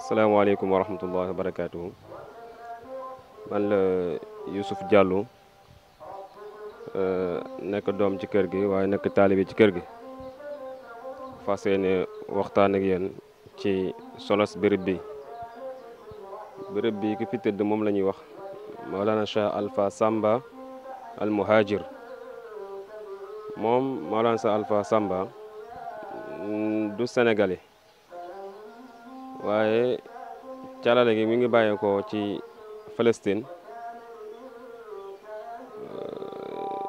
asalaamaaleykum wa rahmatullahi wa barakaatuhu man la Youssouf Diallo euh, nekk doom ci kër gi waaye nekk taalibe ci kër gi fas yéene waxtaan ak yéen ci solos béréb bi béréb bi ki fi tëdd moom la ñuy wax Maulana Cheikh Alpha Samba al Muhajir moom Maulana Cheikh Alpha Samba du sénégalais waaye calale gi mi ngi bàyyeekoo ci Palestine euh,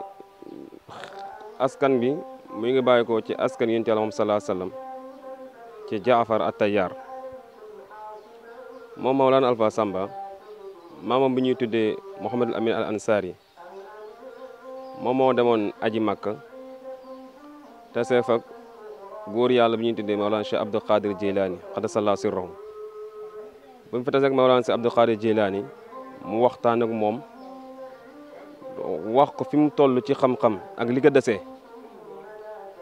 askan bi mu ngi bàyyeekoo ci askan yonent Yàlla moom salaa sallam ci Jaafar At-Tayyar moom Mawlana Alpha Samba maamam bi ñuy tuddee Mouhamadul Amin Al Ansari moom moo demoon aji Makka te seef góor yàlla bi ñuy tuddee Mawlana Cheikh Abdou Khadir Jilani xadasallaa sirrahu bu mu fa tasee ak Mawlana Cheikh Abdou Khadir mu waxtaan moom wax ko fi mu toll ci xam-xam ak li ko desee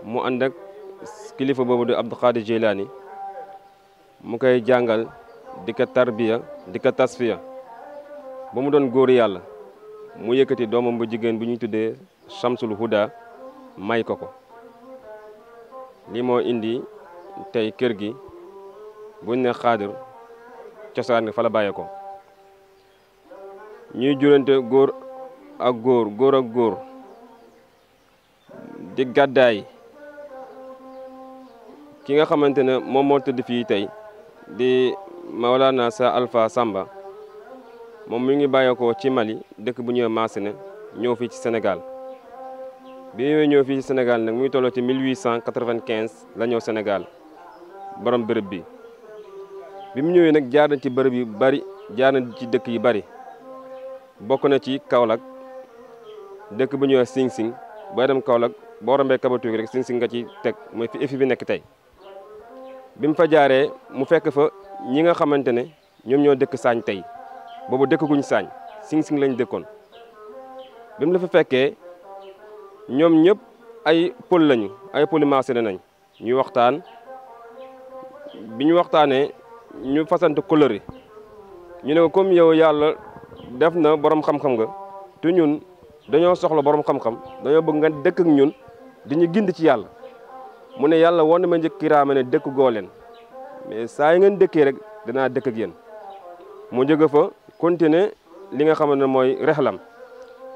mu ànd ak kilifa boobu di Abdou Khadir Jilani mu koy jàngal di ko tarbiya di ko tasfiya ba mu doon góor yàlla mu yëkkati doomam bu jigéen bu ñuy tuddee Shamsul Huda may ko ko li moo indi tey kër gi buñ ne xaadir cosaan gi fa la bàyyee ko ñuy jurante góor ak góor góor ak góor di gàddaay ki nga xamante ne moom moo tëdd fii tey di Maolana sa alfa Samba moom mu ngi bàyyeekoo ci Mali dëkk bu ñëwee Masséna ñëw fii ci senegal bi ñëwee ñëw fii ci Sénégal nag muy tolloo ci 1895 la ñëw Sénégal borom bërëb bi bi mu ñëwee nag jaar na ci bërëb yu bari jaar na ci dëkk yi bari bokk na ci Kaolack dëkk bu ñuy wax Sing booy dem Kaolack boo rombee Kabatuki rek Sing Sing nga ci teg mooy fi EFI bi nekk tey bi mu fa jaaree mu fekk fa ñi nga xamante ne ñoom ñoo dëkk saañ tey boobu dëkk guñ saañ Sing Sing lañ dëkkoon bi mu la fa ñoom ñëpp ay pël lañu ay pëli ne nañ ñuy waxtaan bi ñu waxtaanee ñu fasante couleur ñu ne ko comme yow yàlla def na borom xam-xam nga te ñun dañoo soxla borom xam-xam dañoo bëgg nga dëkk ak ñun di ñu gind ci yàlla mu ne yàlla woon na ma njëkk kiraama ne dëkk goo leen mais saa yi ngeen dëkkee rek danaa dëkk ak yéen mu jóge fa continuer li nga xamante ne mooy rexlam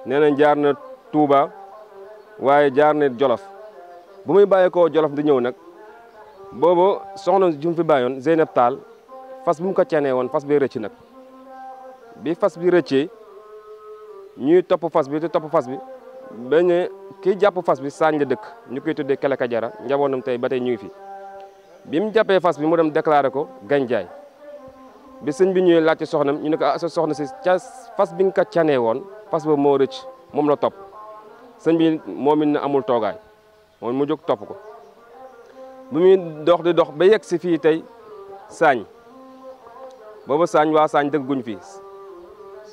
nee na jaar na Touba. waaye jaar ne jolof bu muy ko jolof di ñëw nag boobu soxna jum fi bàyyoon Zeynab Taal fas bi mu ko ceenee woon fas bi rëcc nag bi fas bi rëccee ñuy topp fas bi te topp bi ba ñu kii jàpp fas bi saañ la dëkk ñu koy tuddee Kele Kajara njaboonam tey ba tey ñu ngi bi mu jàppee fas bi mu dem déclaré ko ganjaay bi sëñ bi ñuy laajte soxnam ñu ne ko ah sa soxna si bi nga ko canee woon fas ba moo rëcc moom la topp sëñ bi moom it ne amul toogaay moom mu jóg topp ko bu muy dox di dox ba yegg si fii tey saañ booba saañ waa saañ dëkk guñ fii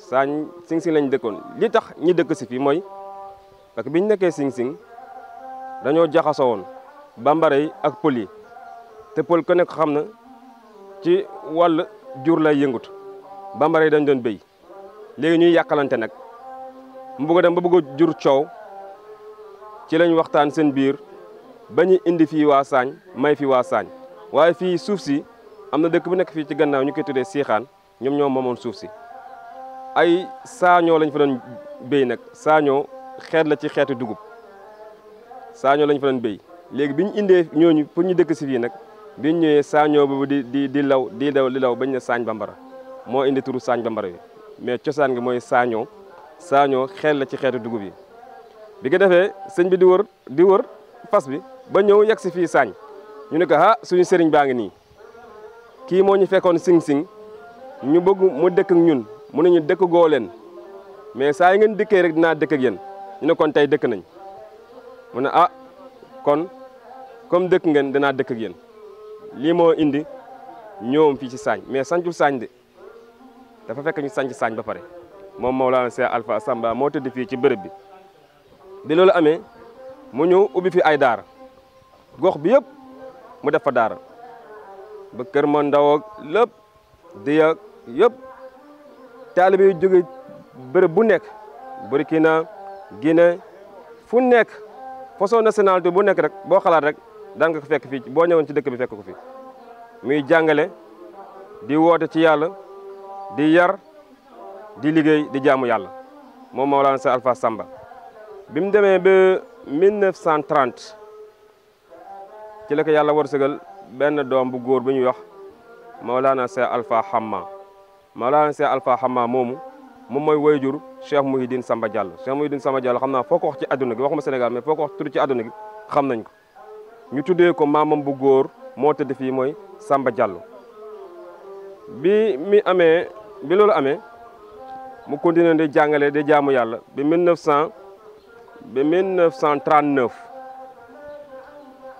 saañ sing-sing lañ dëkkoon li tax ñi dëkk si fii mooy parce que biñ nekkee sing-sing dañoo jaxasoo woon bambara yi ak pël te pël ku nekk xam na ci wàll jur lay yëngut bambara yi dañ doon béy léegi ñuy yàqalante nag mu bëgg dem ba bëgg jur coow ci lañ waxtaan seen biir ba indi fii waa Saañ may fi waa Saañ waaye fii suuf si am na dëkk bu nekk fii ci gannaaw ñu koy tuddee Siixaan ñoom ñoo moomoon suuf si ay saañoo lañ fa doon béy nag saañoo xeet la ci xeetu dugub saañoo lañ fa doon béy léegi bi ñu indee ñooñu pour ñu dëkk si fii nag bi ñu ñëwee saañoo boobu di di di law di law di law bañ ne saañ bambara moo indi turu saañ bambara bi mais cosaan gi mooy saañoo saañoo xeet la ci xeetu dugub yi bi ko defee sëñ bi di wër di wër fas bi ba ñëw yegg si fii saañ ñu ne ko ah suñu sëriñ baa ngi nii kii moo ñu fekkoon sing-sing ñu bëgg mu dëkk ak ñun mu ne ñu dëkk goo leen mais saa yi ngeen dëkkee rek dinaa dëkk ak yéen ñu ne kon tey dëkk nañ mu ne ah kon comme dëkk ngeen dinaa dëkk yéen lii moo indi ñëwam fii ci saañ mais sañcul saañ de dafa fekk ñu sañc saañ ba pare moom Mawlana Cheikh Alpha Samba moo tëdd fii ci bërëb bi bi loolu amee mu ñëw ubbi ay daara gox bi yëpp mu def fa daara ba kër ma ndaw lépp di ak yëpp taalibe yu jóge bërëb bu nekk Burkina Guinée fu nekk façon nationalité bu nekk rek boo xalaat rek daan nga ko fekk boo ñëwoon ci dëkk bi fekk ko fi muy jàngale di woote ci yàlla di yar di liggéey di jaamu yàlla moom Mawlana sa Alfa Samba bi mu demee ba 1930 ci la yàlla war wërsëgal benn doom bu góor bu ñuy wax Maulana Cheikh Alpha Hamma Maulana Cheikh Alpha Hamma moomu moom mooy wayjur Cheikh Mouhidine Samba Diallo Cheikh Mouhidine Samba jàll xam naa foo ko wax ci àdduna gi waxuma Sénégal mais foo ko wax tudd ci àdduna xam nañ ko ñu tuddee ko maamam bu góor moo tëdd fii mooy Samba Diallo bi mi amee bi loolu amee mu continué di jàngale di jaamu yàlla bi ba 1939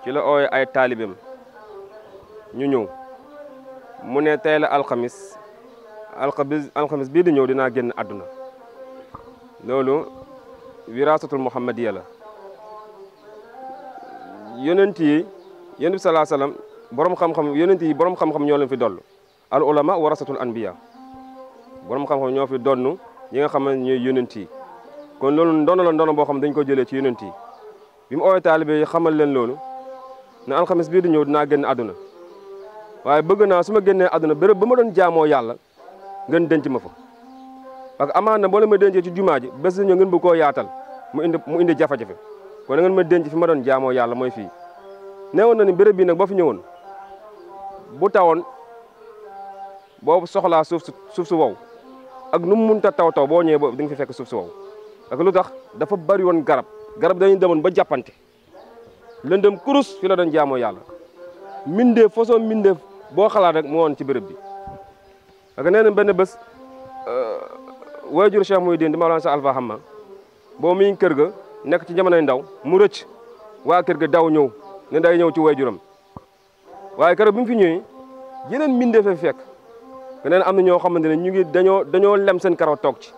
ci la ooye ay taalibeem ñu ñëw mu ne tey la alxamis alxamis alxamis bii di ñëw dinaa génn àdduna loolu wiraasatul muhammadiya la yonent yi yonent bi salaa salaam borom xam-xam yonent yi borom xam-xam ñoo leen fi dollu al ulama warasatul anbiya borom xam-xam ñoo fi donnu ñi nga xam ne ñooy yonent kon loolu ndono la boo xam dañ ko jëlee ci yonent yi bi mu ooyee taalibe yi xamal leen loolu ne alxames bii di ñëw dinaa génn àdduna waaye bëgg naa su ma génnee àdduna béréb ba ma doon jaamoo yàlla ngeen denc ma fa parce que amaan na boo leen ma dencee ci jumaa ji bés di ngeen bëgg koo yaatal mu indi mu indi jafe-jafe ngeen ma denc fi ma doon jaamoo yàlla mooy fii neewoon na ni béréb bii nag boo fi ñëwoon bu tawoon boo soxlaa suuf su suuf su wow ak nu mu munta taw taw boo ñëwee boobu di nga fi fekk suuf su wow ak lu tax dafa bari woon garab garab dañuy demoon ba jàppante lëndëm kurus fi la doon jaamoo yàlla mbindeef façon mbindeef boo xalaat rek moo woon ci béréb bi parce que nee na benn bés euh, waajur Cheikh Mouhidine di Mawlana Cheikh Hamma boo muy kër ga nekk ci jamonoy ndaw mu rëcc waa kër ga daw ñëw ne day ñëw ci waajuram waaye keroog bi mu fi ñëwee yeneen mbindeef fekk nga neen am na ñoo xamante ne ñu ngi dañoo dañoo lem seen karaw toog ci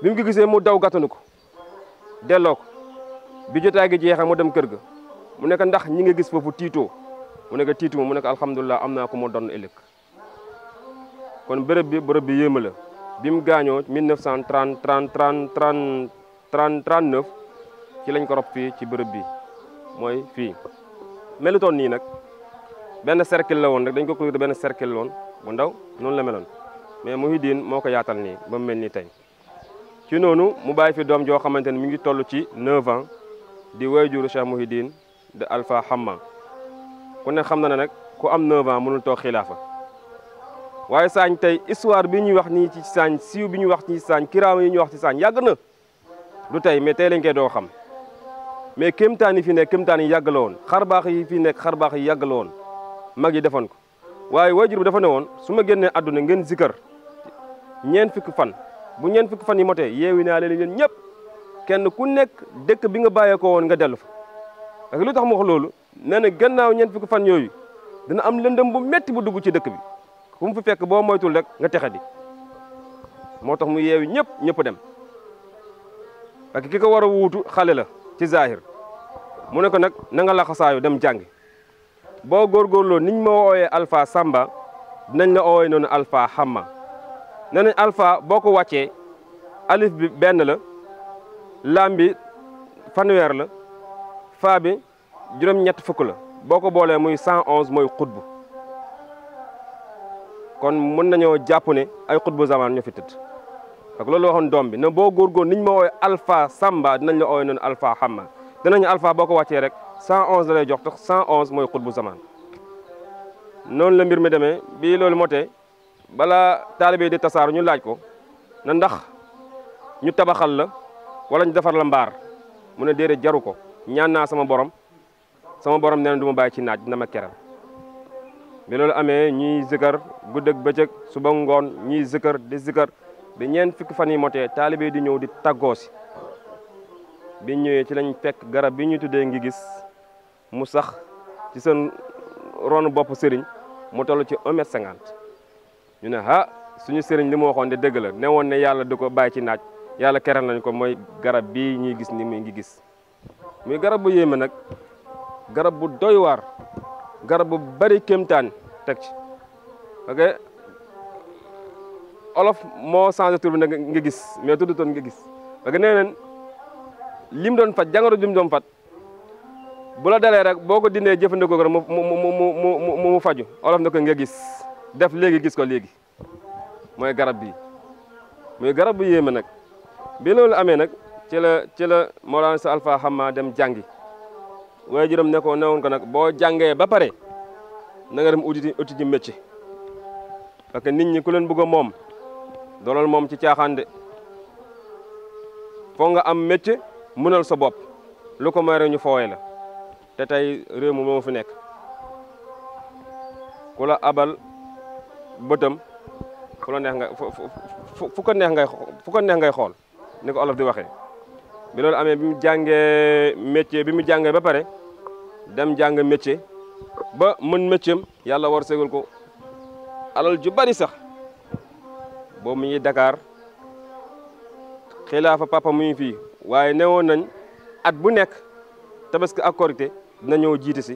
bi mu ko gisee mu daw gàttanu ko delloo ko bi jotaay gi jeexee mu dem kër ga mu nekk ndax ñi nga gis foofu tiitoo mu nekk tiituma mu nekk alhamdulilah am naa ko moo doon ëllëg kon bërëb bi bërëb bi yéema la bi mu gaañoo 1930 30 30 30 30 39 ci lañ ko rob fii ci bërëb bi mooy fii melutoon nii nag benn cercle la woon rek dañ ko couvrir benn cercle la woon bu ndaw noonu la meloon mais Mouhidine moo ko yaatal nii ba mu mel nii tey ci noonu mu bàyyi fi doom joo xamante ne mi ngi toll ci 9 ans di wayjuru Cheikh Mouhidine de Alpha Hamma ku ne xam na ne nag ku am 9 ans mënul toog xilaafa waaye saañ tey histoire bi ñuy wax nii ci saañ siw bi ñuy wax ci saañ kiraama yi ñuy wax ci saañ yàgg na du tey me tey lañ koy doo xam mais kéemtaan yi fi nekk kéemtaan yi yàgg la woon xar baax yi fi nekk xar baax yi yàgg la mag yi defoon ko waaye wayjur bi dafa ne woon su ma génnee àdduna ngeen zikkar ñeent fukki fan bu ñeen fukki fan yi motee yeewi naa leen yéen ñëpp kenn ku nekk dëkk bi nga ko woon nga dellu fa parce lu tax mu wax loolu nee na gannaaw ñeen fukki fan yooyu dina am lëndëm bu metti bu dugg ci dëkk bi fu mu fekk boo moytul rekk nga texe di moo tax mu yeewi ñëpp ñëpp dem parce que ko war a wuutu xale la ci zahir mu ne ko nag na nga laxasaayu dem jàngi boo góor góorgóorloo niñ ma wooyee alpha samba dinañ la ooyee noonu alpha xamma nee nañ alpha boo ko wàccee alif bi benn la laam bi fanweer la faa bi juróom-ñett fukk la boo ko boolee muy cent onze mooy bu kon mën nañoo jàpp ne ay bu zamaan ñu fi tëdd ak loolu waxoon doom bi ne boo góorgóor niñ ma woowe alpha samba dinañ la oowe noonu alpha xamma dinañ alpha boo ko waccee rek cent onze la jox tax cent onze mooy bu zamaan noonu la mbir mi demee bii loolu motee balaa taalibe di tasaaru ñu laaj ko na ndax ñu tabaxal la wala ñu defar la mbaar mu ne déedéet jaru ko ñaan naa sama borom sama borom nee na du ma bàyyi ci naaj dina ma keral bi loolu amee ñuy zikar guddeeg bëccëg suba ngoon ñuy zikar di zikar bi ñeent fukki fan yi motee taalibe di ñëw di taggoo si bi ñëwee ci lañ fekk garab bi ñuy tuddee ngi gis mu sax ci seen ronu bopp sëriñ mu toll ci 1 mètre ñu ne ah suñu sëriñ li mu waxoon de dëgg la ne woon ne yàlla du ko bàyyi ci naaj yàlla keral nañ ko mooy garab bii ñuy gis ni mu ngi gis muy garab bu yéeme nag garab bu doy waar garab bu bari kéemtaan teg ci ok olof moo changé tur bi nag nga gis mais tudd toon nga gis parce que nee neen lim doon faj jàngoro jum doon faj bu la dalee rek boo ko dindee jëfandikoo ko rek mu mu mu mu mu mu faju olof na ko nga gis def léegi gis ko léegi mooy garab bi muy garab bu yéeme nag. bi loolu amee nag ci la ci la Mawlana sa Alpha Hamma dem jàngi waaye juróom ne ko newoon ko nag boo jàngee ba pare na dem uti uti ji métier parce que nit ñi ku leen bëgg a moom dolool moom ci caaxaan de foo nga am métier mënal sa bopp lu ko may ñu fooye la te tey réew mi moo fi nekk ku abal bëtëm fu la neex nga fu neex ngay fu ko neex ngay xool ni ko olof di waxee bi loolu amee bi mu jàngee métier bi mu jàngee ba pare dem jàng métier ba mën métier yàlla war ségal ko alal ju bari sax boobu mu ngi Dakar xilaafa papa mu ngi fii waaye woon nañ at bu nekk tabaski ak korité dina ñëw jiite si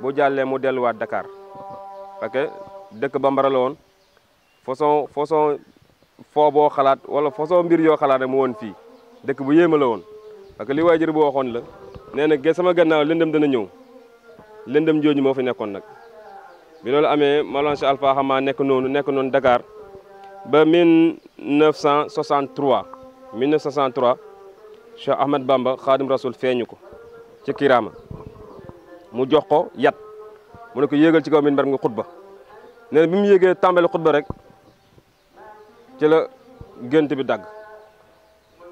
boo jàllee mu delluwaat Dakar parce que dëkk bambara woon façon façon foo boo xalaat wala façon mbir yoo xalaat rek mu woon fii dëkk bu yéeme la woon parce que li waajur bu waxoon la nee na ge sama gannaaw lëndëm dana ñëw lëndëm jooju moo fi nekkoon nag bi loolu amee Maolana Cheikh Alpha Xamaa nekk noonu nekk noonu Dakar ba min 1963 Cheikh Ahmed Bamba Xaadim Rasul feeñu ko ci Kiraama mu jox ko yat mu ne ko yéegal ci kaw minbar nga xutba nee bi mu yéegee tàmbali xutba rek ci la gént bi dagg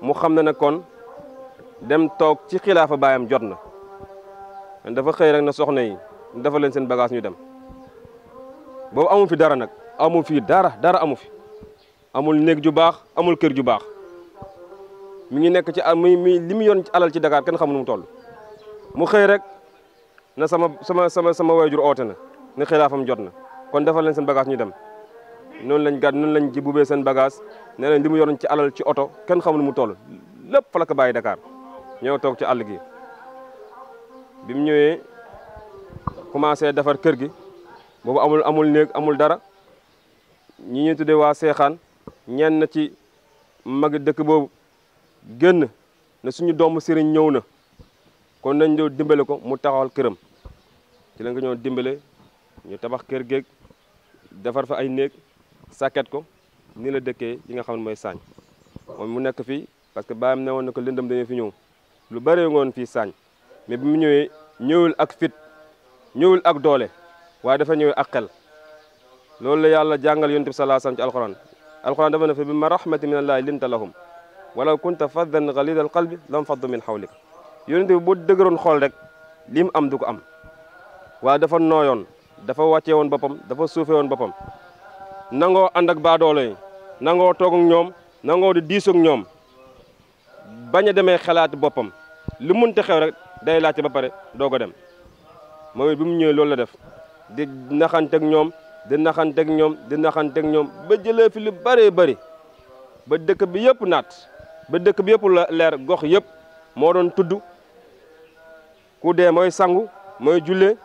mu xam ne ne kon dem toog ci xilaafa baayam jot na dafa xëy rek na soxna yi dafa leen seen bagaas ñu dem boobu amu fi dara nag amu fii dara dara amu fi amul néeg ju baax amul kër ju baax mi ngi nekk ci mi mi li mu yoon ci alal ci Dakar kenn xamul mu toll mu xëy rek na sama sama sama sama waajur oote na ne xilaafam jot na kon dafa leen seen bagage ñu dem noonu lañ gàtt noonu lañ ji buubee seen bagage nee nañ li mu yoroon ci alal ci oto kenn xamul mu toll lépp fa la ko bàyyi Dakar ñoo toog ci àll gi. bi mu ñëwee commencé defar kër gi boobu amul amul néeg amul dara ñi ñuy tuddee waa Seexaan ñenn ci mag dëkk boobu génn ne suñu doomu sëriñ ñëw na kon nañ doon dimbale ko mu taxawal këram ci la nga ñoo dimbale ñu tabax kër géeg defar fa ay néeg sàkket ko nii la dëkkee yi nga xam ne mooy saañ moom mu nekk fii parce que baayam ne woon na ko lëndëm dañu fi ñëw lu bëree ngoon fii saañ mais bi mu ñëwee ñëwul ak fit ñëwul ak doole waa dafa ñëwee ak xel loolu la yàlla jàngal yonent bi sallallahu alayhi wasallam ci alxuraan alxuraan dafa ne fa bi ma rahmati min allahi linta lahum walaw kunta faddan galida al qalbi lam faddu min hawlik yonent bi boo dëgëroon xool rek lii mu am du ko am waa dafa nooyoon dafa wàcce woon boppam dafa suufe woon boppam nangoo ànd ak baadoolo yi nangoo toog ak ñoom nangoo di diis ñoom bañ a demee xalaati boppam li munte xew rek day laajte ba pare doo ko dem moom bi mu ñëwee loolu la def di naxanteeg ñoom di naxanteeg ñoom di naxanteeg ñoom ba jëlee fi lu bëree bëri ba dëkk bi yëpp naat ba dëkk bi yëpp leer gox yëpp moo doon tudd ku dee mooy sangu mooy jullee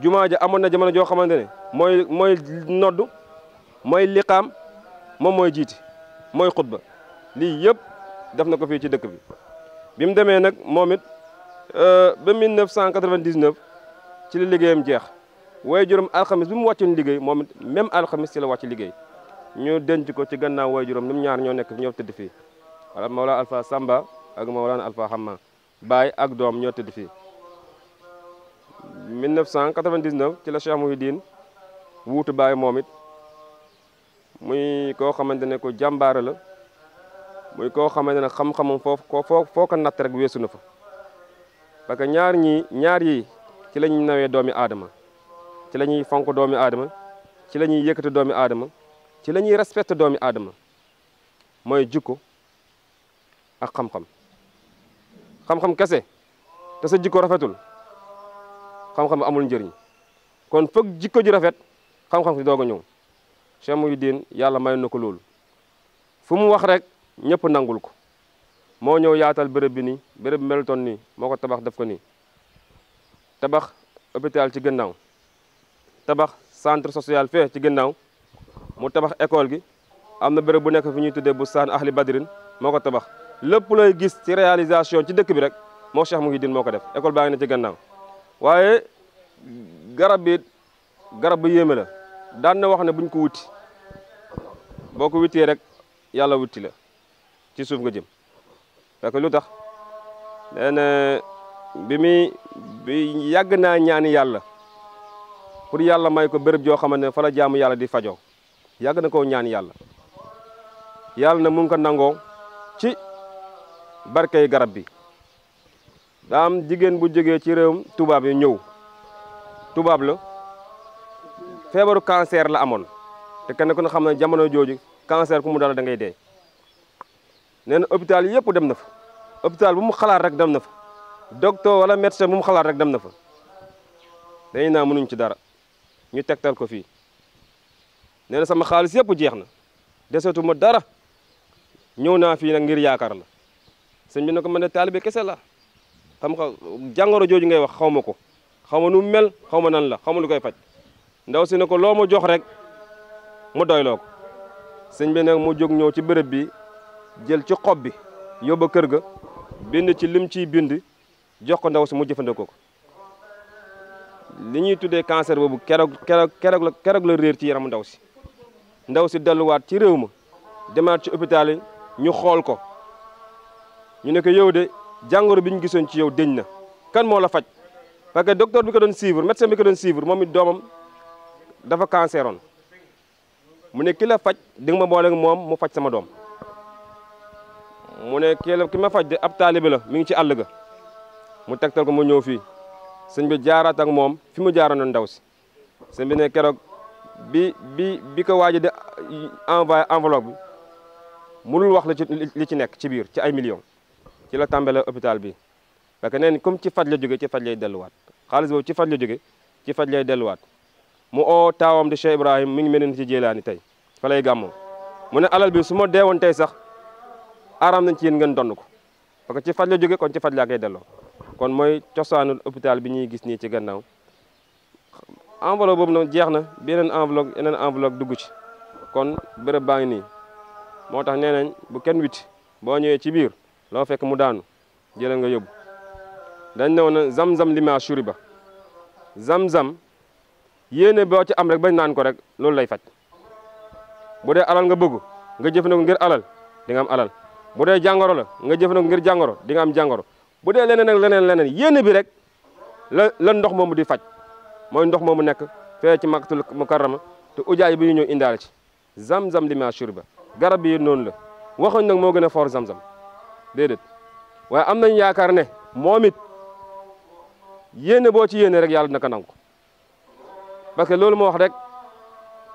jumaa ja amoon na jamono joo xamante ne mooy mooy noddu mooy liqaam moom mooy jiiti mooy xutba lii yëpp def na ko fii ci dëkk bi bi mu demee nag moom it euh, ba 1999 ci la liggéeyam jeex waaye juróom alxamis bi mu wàccoon liggéey moom it même alxamis ci la wàcc liggéey ñu denc ko ci gannaaw waaye juróom ñoom ñaar ñoo nekk ñoo tëdd fii wala Mawlana Samba ak Mawlana Alpha Hamma baay ak doom ñoo tëdd fii ci la Cheikh Mouhidine wuutu baay moom it muy koo xamante ne ko jàmbaara la muy koo xamante ne xam foofu foo foo ko natt rek weesu na fa parce que ñaar ñi ñaar yi ci la ñuy nawee doomi aadama ci la ñuy fonk doomi aadama ci la ñuy yëkkati doomi aadama ci la ñuy respecté doomi aadama mooy jikko ak xam-xam xam-xam kese te sa jikko rafetul xam-xam amul njëriñ kon foog jikko ji rafet xam-xam si doog ñëw Cheikh Mouhidine yàlla may na ko loolu fu mu wax rek ñëpp nangul ko moo ñëw yaatal bërëb bi nii bërëb bi melutoon nii moo ko tabax def ko nii tabax hôpital ci gannaaw tabax centre social fee ci gannaaw mu tabax école gi am na béréb bu nekk fi ñuy tuddee bu saan ahli badrin moo ko tabax lépp looy gis ci réalisation ci dëkk bi rek moo Cheikh Mouhidine moo ko def école baa ngi ne ci gannaaw waaye garab bi garab bu yéeme la daan na wax ne buñ ko wuti boo ko wutee rek yàlla wuti la ci suuf nga jëm fekk lu tax nee na bi muy bi yàgg naa ñaani yàlla pour yàlla may ko bërëb joo xamante ne fa jaamu yàlla di fajoo yàgg na koo ñaan yàlla yàlla na mu ngi ko nangoo ci barkey garab bi daa am jigéen bu jógee ci réewum tubaab yi ñëw tubaab la feebaru cancer la amoon te kenn ku xam na jamono jooju cancer ku mu dal da ngay dee nee na hôpital yëpp dem na fa hôpital bu mu xalaat rek dem na fa docteur wala médecin bu mu xalaat rek dem na fa dañu naa mënuñ ci dara ñu tegtal ko fii nee na sama xaalis yëpp jeex na desetu ma dara ñëw naa fii nag ngir yaakaar la sëñ bi ne ko man de taalibe kese la xam nga jàngoro jooju ngay wax xaw ma ko xaw ma nu mel xaw ma nan la xaw ma lu koy faj ndaw si ko loo ma jox rek mu doylook ko sëñ bi mu jóg ñëw ci bërëb bi jël ci xob bi yóbba kër ga bind ci lim ciy bind jox ko ndaw si mu jëfandikoo ko li ñuy tuddee cancer boobu keroog keroog keroog la keroog réer ci yaramu ndaw si ndaw si delluwaat ci réew ma demaat ci hôpital yi ñu xool ko ñu ne ko yow de jàngoro bi ñu gisoon ci yow dëñ na kan moo la faj parce que docteur bi ko doon suivre bi ko doon suivre moom dafa canceroon mu ne ki faj di nga ma boole moom mu faj sama doom mu ne ki ki ma faj de ab taalibe la mi ngi ci àll ga mu tegtal ko mu ñëw fii sëñ bi jaaraat ak moom fi mu jaaroon ndaw si sëñ bi ne keroog bi bi bi ko waaji di envoyé enveloppe bi mënul wax li ci li ci nekk ci biir ci ay millions ci la tàmbalee hôpital bi parce neen comme ci faj la jóge ci faj lay delluwaat xaalis boobu ci la jóge ci faj lay delluwaat mu oo taawam di Cheikh Ibrahim mi ngi mel ci Jéelaani tey fa lay gàmmoo mu ne alal bi suma ma deewoon tey sax aram nañ ci yéen ngeen donn ko parce que ci faj la jóge kon ci faj laa koy delloo kon mooy cosaanu hôpital bi ñuy gis nii ci gannaaw enveloppe boobu nag jeex na beneen enveloppe yeneen enveloppe dugg ci kon bërëb baa ngi nii moo tax nee nañ bu kenn witti boo ñëwee ci biir loo fekk mu daanu jëlal nga yóbbu dañ ne woon na zam-zam lima shuriba zam-zam yéene boo ci am rek bañ naan ko rek loolu lay faj bu dee alal nga bëgg nga jëfandikoo ngir alal di nga am alal bu dee jàngoro la nga jëfandikoo ngir jàngoro di nga am jàngoro bu dee leneen ak leneen leneen yéene bi rek la la ndox moomu di faj mooy ndox moomu nekk fee ci makkatul mukarrama te ujaay bi ñu ñëw indaale ci zam-zam li maa shurba garab bi noonu la waxuñ nag moo gën a foor zam-zam déedéet waaye am nañ yaakaar ne moom it yéene boo ci yéene rek yàlla naka ko nangu parce que loolu moo wax rek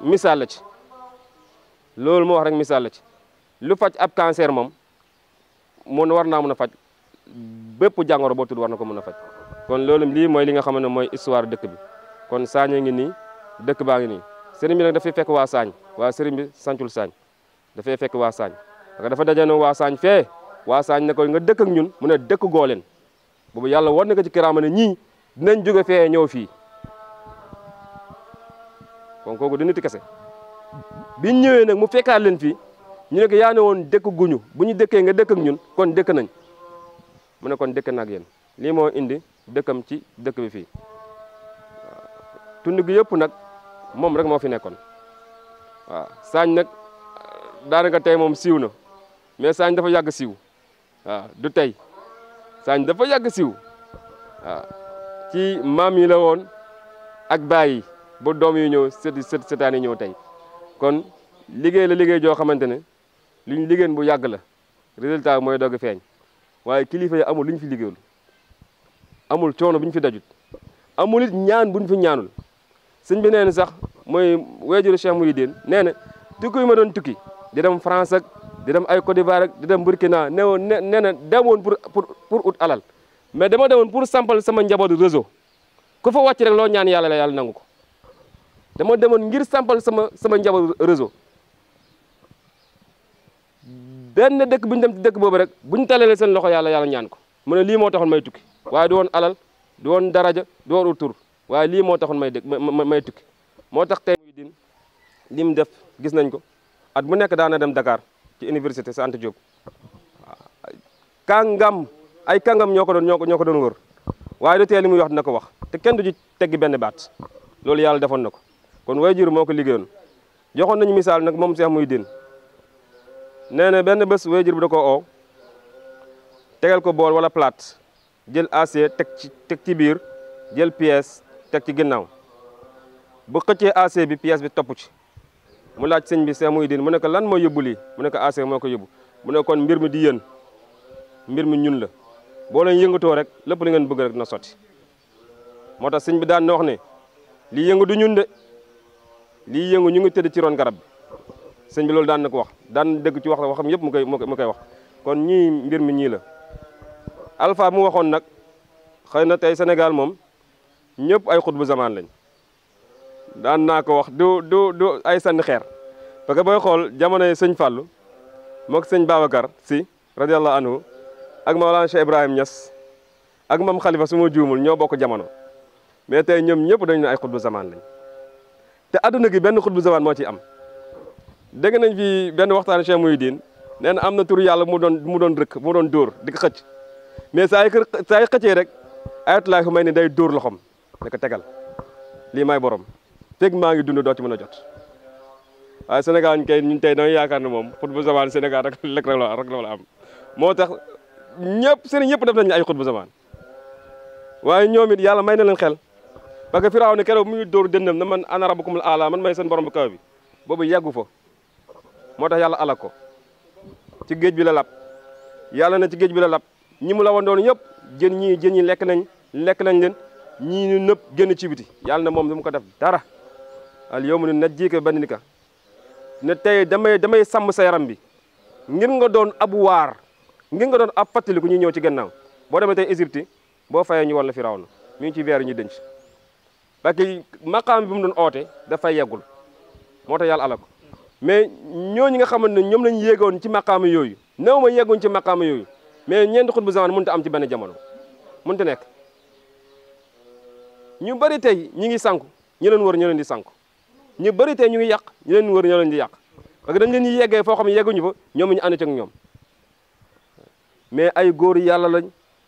misaal la ci loolu moo wax rek misaal la ci lu faj ab cancer moom mun war naa mun a faj bépp jàngoro boo tudd war na ko mun a faj kon loolu lii mooy li nga xam ne mooy histoire dëkk bi kon saaña ngi nii dëkk baa ngi nii sëriñ bi nag dafay fekk waa saañ waa sëriñ bi sancul saañ dafay fekk waa saañ parce dafa dajeno waa saañ fee waa saañ ne ko nga dëkk ak ñun mu ne dëkk gooleen boobu yàlla war na ko ci kiraama ne ñii dinañ jóge fee ñëw fii kon kooku du nit kese bi ñëwee nag mu fekkaat leen fii ñu ne yaa ne woon dëkk guñu bu ñu dëkkee nga dëkk ak ñun kon dëkk nañ mu ne kon dëkk na yéen lii moo indi dëkkam ci dëkk bi fii tund gi yëpp nag moom rek moo fi nekkoon waaw saañ nag daanaka tey moom siiw na mais saañ dafa yàgg siiw waaw du tey saañ dafa yàgg siiw waaw ci maam yi la woon ak baay ba doom yu ñëw sët sët sëtaan yi ñëw tey kon liggéey la liggéey joo xamante ne lu ñu liggéey bu yàgg la résultat mooy dogg feeñ waaye kilifa yi amul lu ñu fi liggéeyul amul coono bu ñu fi dajut amul it ñaan bu ñu fi ñaanul sëñ bi nee na sax mooy weejuru Cheikh Mouhideen nee na tukki ma doon tukki di dem France di dem ay Côte d'Ivoire ak di dem Burkina ne woon ne nee demoon pour pour pour ut alal mais dama demoon pour sampal sama njabootu réseau ku fa wàcc rek loo ñaan yàlla la yàlla nangu ko dama demoon ngir sampal sama sama njaboot réseau benn dëkk bu ñu dem ci dëkk boobu rek bu ñu talalee seen loxo yàlla yàlla ñaan ko mu ne lii moo taxoon may tukki waaye du woon alal du woon daraja du woon tur waaye lii moo taxoon may dëkk may tukki moo tax tey muy din li mu def gis nañ ko at mu nekk daana dem dakaar ci université sa Anta Diop ay kàngam ñoo ko doon ñoo ko doon wër waaye du tee li muy wax dina ko wax te kenn du ci teggi benn baat loolu yàlla defoon na ko kon waajur moo ko liggéeyoon joxoon nañu misaal nag moom Cheikh Mouhidine nee na benn bés waajur bi da ko oo tegal ko bool wala plate jël acier teg ci teg ci biir jël pièce teg ci ginnaaw bu xëccee acier bi pièce bi topp ci mu laaj sëñ bi Cheikh Mouhidine mu ne ko lan moo yóbbu lii mu ne ko acier moo ko yóbbu mu ne kon mbir mi di yéen mbir mi ñun la boo leen yëngatoo rek lépp li ngeen bëgg rek dina sotti moo tax sëñ bi daan na wax ne lii du ñun de lii yëngu ñu ngi tëdd ci ron garab bi sëñ loolu daan na ko wax daan dégg ci wax waxam yëpp mu koy mu koy wax kon ñii mbir mi ñii la alpha mu waxoon nag xëy na tey Sénégal moom ñëpp ay bu zamaan lañ daan naa ko wax du du du ay sànni xeer parce que booy xool jamonoy sëñ Fàllu mook sëñ Babacar si radiallahu anhu ak Mawlana Cheikh Ibrahim Niass ak mam xalifa su ma juumul ñoo bokk jamono mais tey ñoom ñëpp dañu ne ay xutbu zamaan lañ te adduna gi benn xutbu zaman moo ci am dégg nañ fi benn waxtaan Cheikh Mouhidine nee na am na tur yàlla mu doon mu doon rëkk mu doon dóor di ko xëcc mais saa yu saa yu xëccee rek ayatulaay xu may ni day dóor loxom ne ko tegal lii may borom fekk maa ngi dund doo ci mën a jot waaye Sénégal ñu kay tey dañuy yaakaar ne moom xutbu zaman Sénégal rek rek la rek la am moo tax ñëpp seen ñëpp def nañ ay xutbu zaman waaye ñoom it yàlla may na leen xel parce que firaaw ne keroog mu ngi dóor dëndam na man ana rabbukumul aala man may seen borom bu kaw bi boobu yàggu fa moo tax yàlla alak ko ci géej bi la lab yàlla na ci géej bi la lab ñi mu la doon yëpp jën ñii jën ñi lekk nañ lekk nañ leen ñii nëpp génn ci biti na moom du mu ko def dara al yawma nunajjika bi nika ne tey damay damay sàmm sa yaram bi ngir nga doon ab waar ngir nga doon ab fàttaliku ñuy ñëw ci gannaaw boo demee tey Égypte boo fayee ñu war la Firawna mi ngi ci weer ñu denc parce que maqaam bi mu doon oote dafa yeggul moo tax yàlla ala ko mais ñooñu nga xamante ne ñoom lañ yéegoon ci maqaama yooyu néew ma yegguñ ci maqaama yooyu mais ñeenti xutbu zaman mun a am ci benn jamono mënut a nekk ñu bëri tey ñu ngi sànku ñu leen war ñu leen di sànku ñu bëri tey ñu ngi yàq ñu leen war ñu leen di yàq parce que dañ leen di yeggee foo xam ne yegguñu fa ñoom ñu ànd ci ñoom mais ay góor yàlla lañ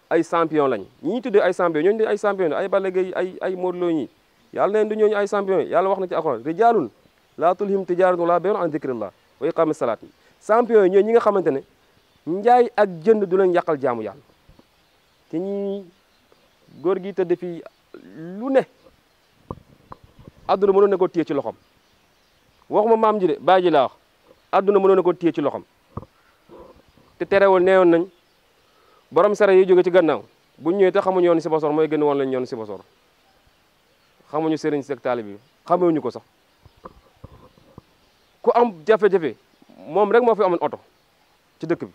ay champion lañ ñi ñu tuddee ay champion ñooñu ay champion ay Balla ay ay Modou Lo ñi yàlla neen du ñooñu ay champion yàlla wax na ci alxuraan rijaalun laa tulhihim tijaaratun wala bay'un an dikrillah wa iqaami salaat champion yi ñooy ñi nga xamante ne njaay ak jënd du leen yàqal jaamu yàlla te ñi góor gi tëdd fii lu ne adduna mu na ko téye ci loxom waxuma maam ji de baay ji laa wax adduna mënoon na ko téye ci loxom te terewul neewoon nañ borom sare yi jóge ci gannaaw bu ñëwee te xamuñ yoon si bosor mooy gën woon lañ ñoon si bosor xamuñu sëriñ si ak taalibe bi xamewuñu ko sax ku am jafe-jafe moom rek moo fi amoon oto ci dëkk bi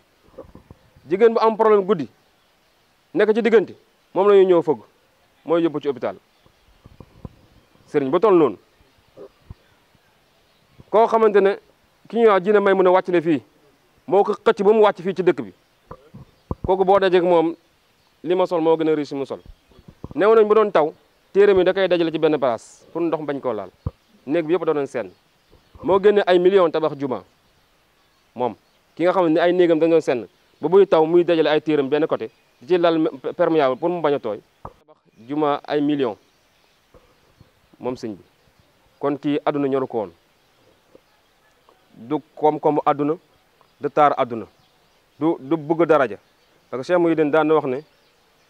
jigéen bu am problème guddi nekk ci diggante moom lañu ñëw fëgg mooy yóbbu ci hôpital sëriñ ba toll noonu koo xamante ne ki ñuy wax jina may mu ne wàcc ne fii moo ko xëcc ba mu wàcc fii ci dëkk bi kooku boo dajee ak moom li ma sol moo gën a riche mu sol new nañ bu doon taw téere mi da kay dajale ci benn place pour ndox bañ koo laal néeg bi yëpp doonoon seen moo génne ay millions tabax juma moom ki nga xam ni ay néegam dañoo seen ba buy taw muy dajale ay téeram benn côté di ci lal perméable pour mu bañ a tooy juma ay millions moom sëñ bi kon kii àdduna ñoru koon woon du koom-koomu àdduna du taar àdduna du du bëgg daraja parce que Cheikh Mouhidine daan na wax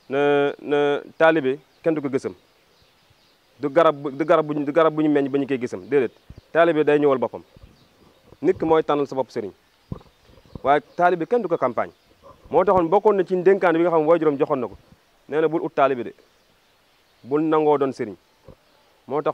ne na taalibe kenn du ko gësam du garab du garab buñ du garab bu ñu meññ ba ñu koy gisam déedéet taalibe day ñëwal boppam nit ki mooy tànnal sa bopp sëriñ waaye taalibe kenn du ko campagne moo taxoon bokkoon na ci ndénkaan bi nga xam waajuram joxoon na ko nee na bul ut taalibe de bul nangoo doon sëriñ moo taxoon